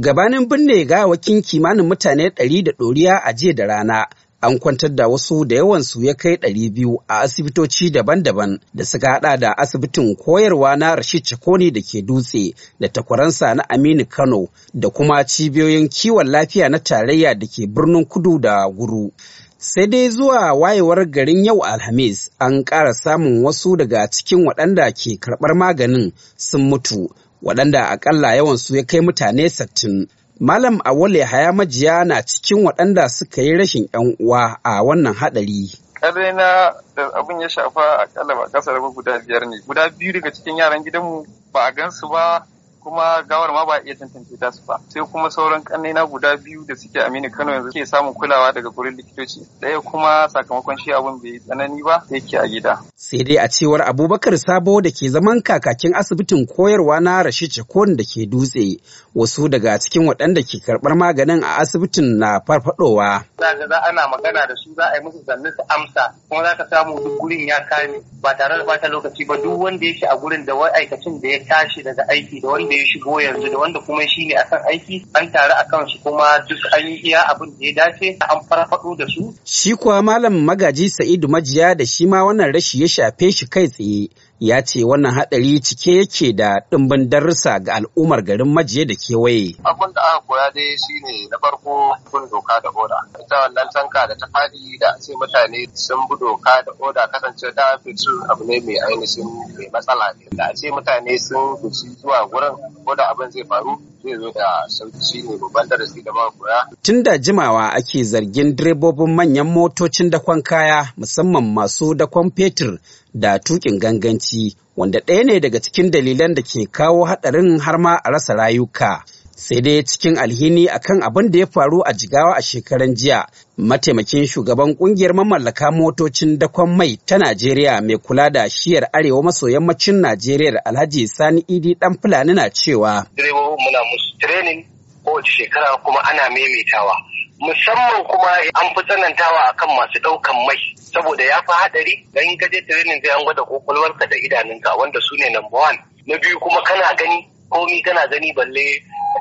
Gabanin binne gawakin kimanin mutane ɗari da ɗoriya a jiya da rana, an kwantar da wasu da yawansu ya kai ɗari biyu a asibitoci daban-daban da suka haɗa da asibitin koyarwa na Rashid Chakoni da ke dutse da takwaransa na Aminu Kano da kuma cibiyoyin kiwon lafiya na tarayya da ke birnin kudu da guru. sai dai zuwa wayewar garin yau alhamis an ƙara samun wasu daga cikin waɗanda ke karɓar maganin sun mutu waɗanda akalla yawansu ya kai mutane sattin. Malam Awole Haya Majiya na cikin waɗanda suka yi rashin 'yan uwa a wannan haɗari. na da abin ya shafa akalla ba ƙasar ba guda biyar ne guda biyu daga cikin yaran gidanmu ba a gansu ba kuma gawar ma ba iya tantance ta su ba sai kuma sauran kannena guda biyu da suke Aminu Kano yanzu ke samun kulawa daga gurin likitoci daya kuma sakamakon shi abun bai tsanani ba yake a gida sai dai a cewar Abubakar Sabo da ke zaman kakakin asibitin koyarwa na Rashid Chakon da ke dutse wasu daga cikin waɗanda ke karbar maganin a asibitin na farfadowa za ana magana da su za a yi musu zanne su amsa kuma za ka samu duk gurin ya kame ba tare da bata lokaci ba duk wanda yake a gurin da aikacin da ya tashi daga aiki da wani da ya shigo yanzu da wanda kuma shi ne akan aiki an tare a kansu kuma duk an yi iya abin da ya dace an farfaɗo da su. Shi kuwa malam magaji Sa'idu Majiya da shi ma wannan rashi ya shafe shi kai tsaye ya ce wannan haɗari cike yake da ɗimbin darussa ga al'ummar garin Majiya da kewaye. Abin da aka koya dai shi ne na farko kun doka da oda. Ita wannan tanka da ta faɗi da ce mutane sun bi doka da oda kasance ta fitu abu ne mai ainihin mai matsala ne. Da ce mutane sun guji zuwa wurin ko da abin zai faru zai zo da sauki ne babban darasi da ba Tun da jimawa ake zargin direbobin manyan motocin dakon kaya musamman masu dakon fetur da tukin ganganci wanda ɗaya ne daga cikin dalilan da ke kawo haɗarin har ma a rasa rayuka. sai dai cikin alhini akan abin da ya faru a jigawa a shekaran jiya mataimakin shugaban kungiyar mamallaka motocin dakon mai ta najeriya mai kula da shiyar arewa maso yammacin najeriya alhaji sani idi dan fulani na cewa direbobin muna musu training kowace shekara kuma ana maimaitawa musamman kuma an fi tsanantawa akan masu ɗaukan mai saboda ya fi haɗari dan ka je training sai an gwada kwakwalwarka da idanunka wanda su ne number one na biyu kuma kana gani komi kana gani balle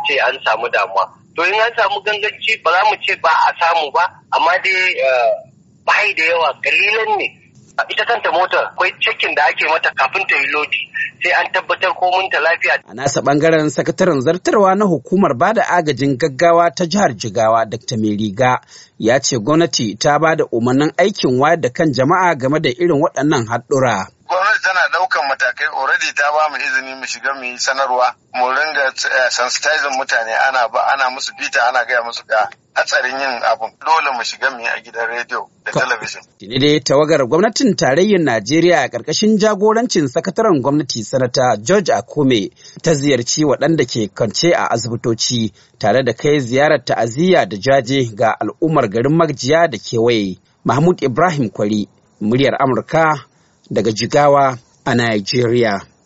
ce an samu damuwa to in an samu ganganci ba za mu ce ba a samu ba amma dai eh, bai da yawa kalilan ne ita kanta motar akwai cikin da ake mata kafin ta yi lodi sai an tabbatar ko ta lafiya. A nasa bangaren sakataren zartarwa na hukumar bada agajin gaggawa ta jihar Jigawa Dr. Meriga ya ce gwamnati ta ba da umarnin aikin wayar da kan jama'a game da irin waɗannan haɗura. dukkan matakai already ta ba mu izini mu shiga mu yi sanarwa mu ringa eh, sensitizing mutane ana ba ana musu bita ana gaya musu ga hatsarin yin abun dole mu shiga mu yi a gidan rediyo da talabijin. Tuni tawagar gwamnatin tarayyar Najeriya a ƙarƙashin jagorancin sakataren gwamnati sanata George Akume ta ziyarci waɗanda ke kwance a asibitoci tare da kai ziyarar ta'aziyya da jaje ga al'ummar garin Magjiya da kewaye. Mahmud Ibrahim Kwari, muryar Amurka daga Jigawa Nigeria.